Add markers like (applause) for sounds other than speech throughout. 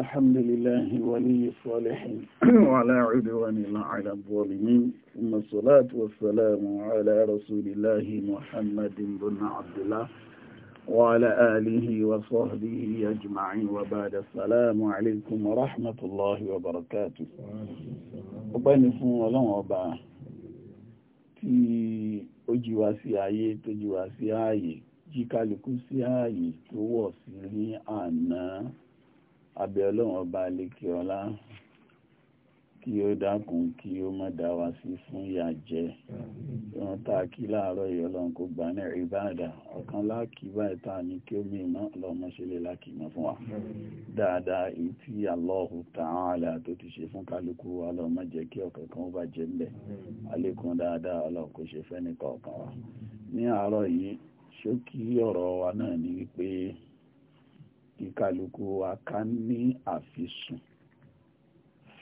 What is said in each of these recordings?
الحمد لله ولي الصالحين وعلى عدوان الله على الظالمين ثم الصلاة والسلام على رسول الله محمد بن عبد الله وعلى آله وصحبه أجمعين وبعد السلام عليكم ورحمة الله وبركاته وبين فون الله وبا في أجوا سيايي تجوا سيايي jíkálukú sí ààyè tó abẹ́ ọlọ́run ọba àlekè ọlá kí ó dákun kí ó má dá wa sí fún ìyà jẹ ìran tá a kí láàárọ̀ yìí ọlọ́run kó gbà ní ìbáàdà ọ̀kan láàkì báyìí tá a ní kí ó mìíràn lọ́mọ ṣe lè láàkì mọ́ fún wa dáadáa èyí tí Allahu Ta'ala tó ti ṣe fún kálukú wa lọ́mọ jẹ́ kí ọ̀kan kan ó bá jẹ́ ńbẹ̀ àlékún dáadáa ọlọ́run kó ṣe fẹ́ nìkan ọ̀kan wa ní àárọ̀ yìí ṣókí ọ̀rọ̀ wa náà ni wípé ìkàlùkù wa ní àfisùn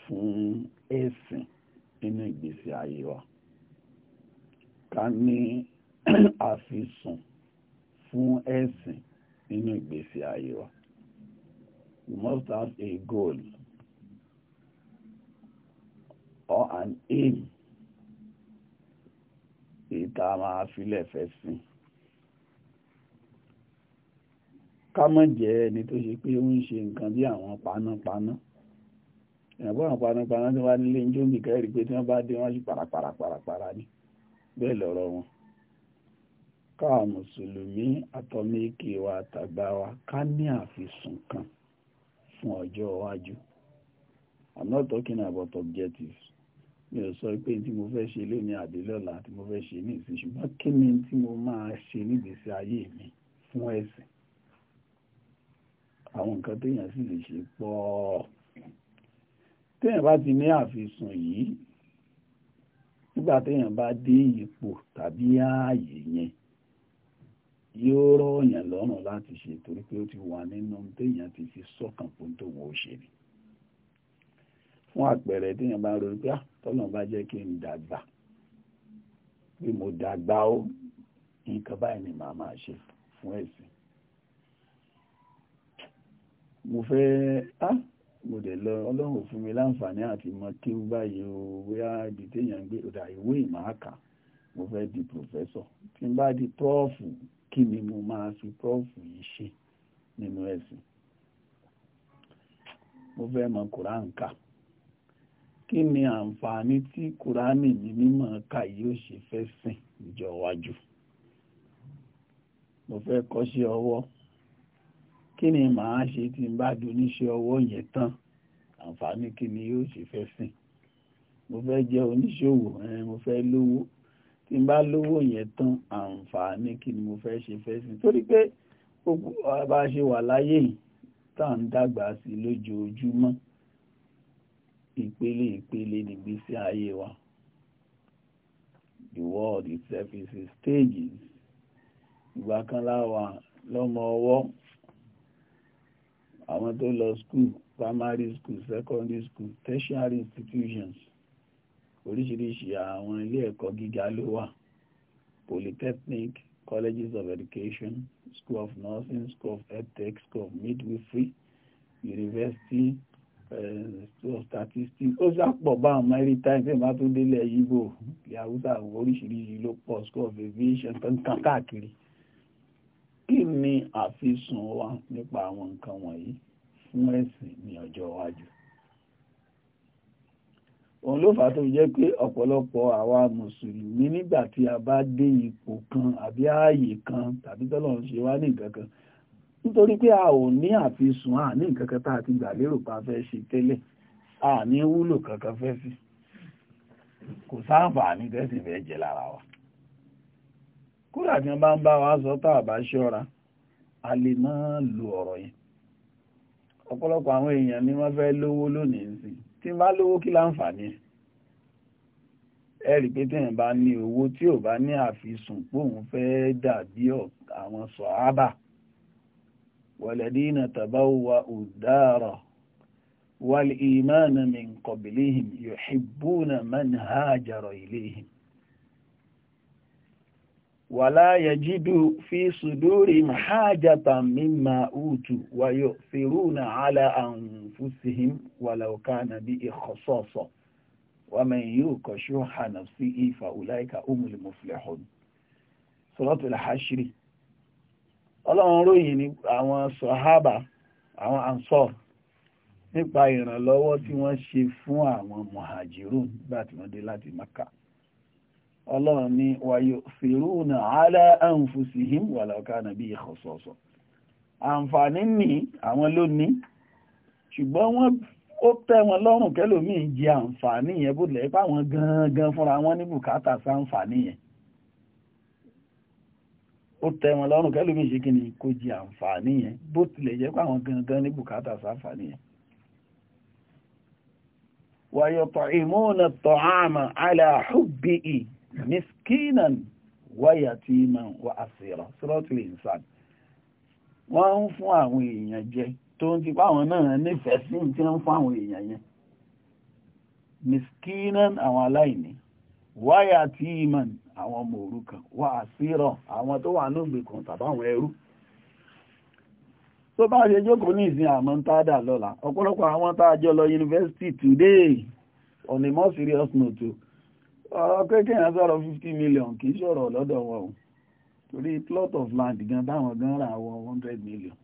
fún ẹ̀sìn nínú ìgbésí ayé wa ká ní (clears throat) àfisùn fún ẹ̀sìn nínú ìgbésí ayé wa you must have a goal or an aim èyí tá a máa filẹ̀ fẹ́ sìn. ká má jẹ́ ẹni tó ṣe pé ó ń ṣe nǹkan bí àwọn panápaná ìrànbọ́ àwọn panápaná tí wọ́n nílé ń jó ń bìkẹ́ rí pé tí wọ́n bá dé wọ́n sì parapara parapara ní bẹ́ẹ̀ lọ́rọ̀ wọn káà mùsùlùmí àtọ́mẹ́kẹ́ wa àtàgbà wa ká ní àfisùn kan fún ọjọ́ iwájú i'm not talking about objectives mi ò sọ pé tí mo fẹ́ ṣe lónìí àbí lọ́la tí mo fẹ́ ṣe ní ìsìn ṣùgbọ́n kí ni tí mo máa ṣe nígbésí ayé mi fún ẹ̀sìn àwọn nǹkan téèyàn sì lè ṣe pọ̀ téèyàn bá ti ní àfisùn yìí nígbà téèyàn bá dé ipò tàbí ààyè yẹn yóò rọ̀yàn lọ́rùn láti ṣe torí pé ó ti wà nínú téèyàn ti fi sọ́kàn pé tó wọ́n ṣe ni fún àpẹẹrẹ téèyàn bá ronú pé ah, tọ́lọ̀ bá jẹ́ kí n dàgbà pé mo dàgbà ó nǹkan báyìí ni màá máa ṣe fún ẹ̀sìn mo fẹ́ á mo dẹ̀ lọ ọlọ́run fún mi láǹfààní àti mọ kí ó báyìí o bóyá ibi téèyàn ń gbé ọ̀dà ìwé ìmáàkà mo fẹ́ di pòfẹ́sọ̀ tí n bá di prọ́ọ̀fù kí ni mo máa fi prọ́ọ̀fù yìí ṣe nínú ẹ̀sìn mo fẹ́ mọ kùrán kà kí ni àǹfààní tí kùránì ní mímọ̀ ká yóò ṣe fẹ́ sìn ìjọ wájú mo fẹ́ kọ́ṣẹ́ ọwọ́ kí ni màá ṣe tí n bá doníṣẹ́ ọwọ́ yẹn tán àǹfààní kí ni yóò ṣe fẹ́ sìn mo fẹ́ jẹ́ oníṣòwò mo fẹ́ lówó tí n bá lówó yẹn tán àǹfààní kí ni mo fẹ́ ṣe fẹ́ sìn torí pé bá a ṣe wà láyé yìí tá à ń dàgbà sí lójoojúmọ́ ìpele ìpele nìgbésí ayé wa the world itself is a stages ìgbà kan láwa lọ́mọ ọwọ́ àwọn tó lọ school primary school secondary school tertiary institutions oríṣiríṣi àwọn ilé ẹ̀kọ́ gíga ló wà polytechnic colleges of education school of nursing school of edtech school of midwifery university eh, school of statistics ó sàpọ̀ bá àwọn maritime tí wọ́n bá tó délẹ̀ yíbò ìyàwó sàwọn oríṣiríṣi ló pọ̀ school of aviation tó ń kàn káàkiri kí ni àfisùn wa nípa àwọn nǹkan wọ̀nyí fún ẹ̀sìn ní ọjọ́ iwájú òun ló fà tó jẹ́ pé ọ̀pọ̀lọpọ̀ àwa mùsùlùmí nígbà tí a bá dé ipò kan àbí ààyè kan tàbí tọ́lọ̀ ń ṣe wá ní nǹkan kan nítorí pé a ò ní àfisùn à ní nǹkan kan tá a ti gbà lérò pa fẹ́ ṣe tẹ́lẹ̀ a ní wúlò kankan fẹ́ sí kò sáǹfà ní tẹ́sìn fẹ́ jẹ lára wa kódà tí wọ́n bá ń bá wa sọ tá a bá ṣọ́ra a lè má lo ọ̀rọ̀ yẹn ọ̀pọ̀lọpọ̀ àwọn èèyàn ni wọ́n fẹ́ lówó lónìí sí tí n bá lówó kí láǹfààní ẹ rí pé téèyàn bá ní owó tí ò bá ní àfisùn póun fẹ́ dàbí àwọn sọ̀hábà wàlẹ́dínà tàbáwà òdàrọ̀ wàlìmánà min qablihim yuhibbuna man hajara ilayhim wàlá yajidu fi sùdúrì mahajata mimma utu wàyọ̀ fèrúnà ala anfusihim walau kana bi ikhasasa wa man yuqa shuhha nafsihi fa ulaika humul muflihun suratul hashri ọlọ́run ròyìn ní àwọn sọ̀hábà àwọn ansor nípa ìrànlọ́wọ́ tí wọ́n ṣe fún àwọn muhajirun nígbà tí wọ́n dé láti maka ọlọ́run ni wàyò fèrúnà alẹ́ àǹfùsìhìm wà lọ́kànà bí ìkọ̀sọ̀ọ̀sọ̀ àǹfààní ní àwọn lónìí ṣùgbọ́n wọ́n ó tẹ́ wọn lọ́rùn kẹ́lòmíì jẹ àǹfààní yẹn bó lẹ́ pa wọn gangan fúnra wọn ní bùkátà sáǹfààní yẹn ó tẹ́ wọn lọ́rùn kẹ́lòmíì ṣe kí ni kó jẹ àǹfààní yẹn bó tilẹ̀ jẹ́ pa wọn gangan ní bùkátà sáǹfààní yẹn wàyọ̀tọ̀ ìmúnà tọ̀ àmà aláhùbìí miskinan wáyàtíman wa àṣírà sọ́rọ̀tìlì ìsàn wọ́n ń fún àwọn èèyàn jẹ tó ń ti páwọn náà nífẹ̀ẹ́ sí tí wọ́n ń fún àwọn èèyàn yẹn miskinan àwọn aláìní wáyàtíman àwọn ọmọ òrukàn wa àṣírà àwọn tó wà ní ìgbèkùn tàbáwọn ẹrú tó bá ṣe jókòó ní ìsìn àmọ́ ń tádà lọ́la ọ̀pọ̀lọpọ̀ àwọn tá a jọ lọ yunifásitì today on a more serious note ọ̀rọ̀ kékèèyàn sọ̀rọ̀ fifty million kì í sọ̀rọ̀ lọ́dọ̀ wọn o torí plot of land gan táwọn gan ra wọ hundred million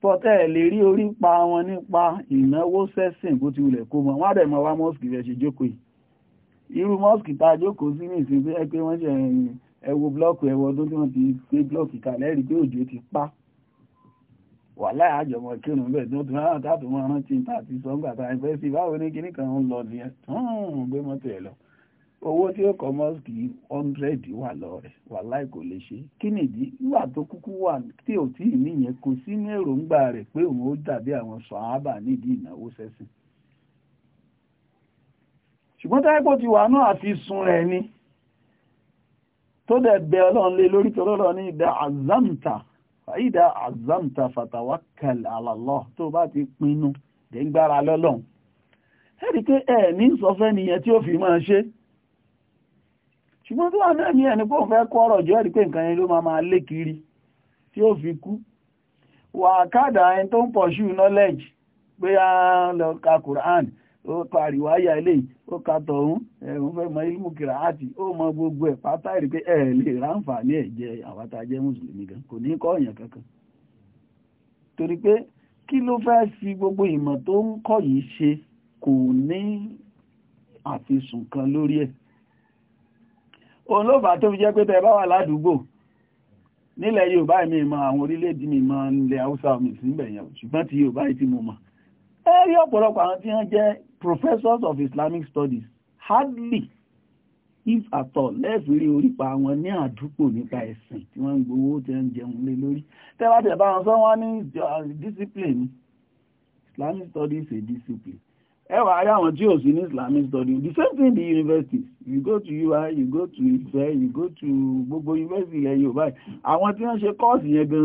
pọ̀tẹ́ lè rí orí pa wọn nípa ìnáwó sẹ́sìn bó ti wulẹ̀ kó mọ wọn àdẹ̀ mọ wá mọ́sìkì rẹ̀ ṣe jókòó yìí irú mọ́sìkì tá a jókòó sí ní ìsìn pé wọ́n ṣe ẹ̀wọ̀ blọ́ọ̀kì ẹ̀wọ̀ ọdún tí wọ́n ti gbé blọ́ọ̀kì kalẹ̀ rí pé òjò ti pa wà láàájọmọ̀ kírun bẹ́ẹ̀ tí wọ́n ti máa tàbí mọ́ rántí tàbí sọ́ngbà tàbí fẹ́ sí báwo ní kíní kan ń lọ nìyẹn tún gbé mọ́tò ẹ̀ lọ owó tí ó kọ́ mọ́sìkì hundred wà lọ rẹ̀ wà láì kò lè ṣe kí nìdí nígbà tó kúkú wà tí ò tí ì níyẹn kò sínú èròǹgbà rẹ̀ pé òun ó dàbí àwọn sọ̀hábà nídìí ìnáwó sẹ́sìn ṣùgbọ́n táyẹ́pọ̀ ti wà náà àti sun rẹ̀ ni tó dẹ̀ bẹ ọlọ́run lé lórí tọ́lọ́rọ̀ ní ìdá àzámta Faida azamta fatawakkal ala tó bá ti pinnu dẹ́gbára lọ́lọ́run ẹ̀rí pé ẹ̀ ní sọfẹ́ nìyẹn tí ó fi máa ṣe ṣùgbọ́n tó wà náà ní ẹni pé fẹ́ kọ́ ọ̀rọ̀ jọ ẹ̀rí pé nǹkan yẹn ló máa máa lé kiri fi kú wà kádà ẹni tó ó ka àríwáyà eléyìí ó ka tọ̀hún ẹ̀hún fẹ́ mọ ilmu kìrà àti ó mọ gbogbo ẹ̀ pátá ìrì pé ẹ̀ lè ráǹfààní ẹ̀ jẹ àwọn tá a jẹ́ mùsùlùmí gan kò ní kọ́ ọ̀yàn kankan torí pé kí ló fẹ́ fi gbogbo ìmọ̀ tó ń kọ́ yìí ṣe kò ní àfisùn kan lórí ẹ̀ òun ló fà tó fi jẹ́ pé tẹ́ bá wà ládùúgbò nílẹ̀ Yorùbá mi mọ àwọn orílẹ̀-èdè mi mọ ilẹ̀ Haúsá mi sí ìbẹ̀yàn ṣùgbọ́n ti Yorùbá ti mo mọ̀ ẹ rí ọ̀pọ̀lọpọ̀ àwọn tí wọ́n jẹ́ professors of Islamic studies hardly if at all lẹ́ẹ̀fìrí orípa àwọn ní àdúgbò nípa ẹ̀sìn tí wọ́n ń gbowó tí wọ́n ń jẹun lé lórí tẹ́wàtẹ̀ bá wọn sọ wọ́n ní uh, discipline Islamic studies is a discipline ẹwà ayé àwọn tí ò sí Islamic studies the same thing in the universities you go to UI you go to Ife you go to Bobo university ilẹ̀ Yorùbá I want to ṣe course yẹn gan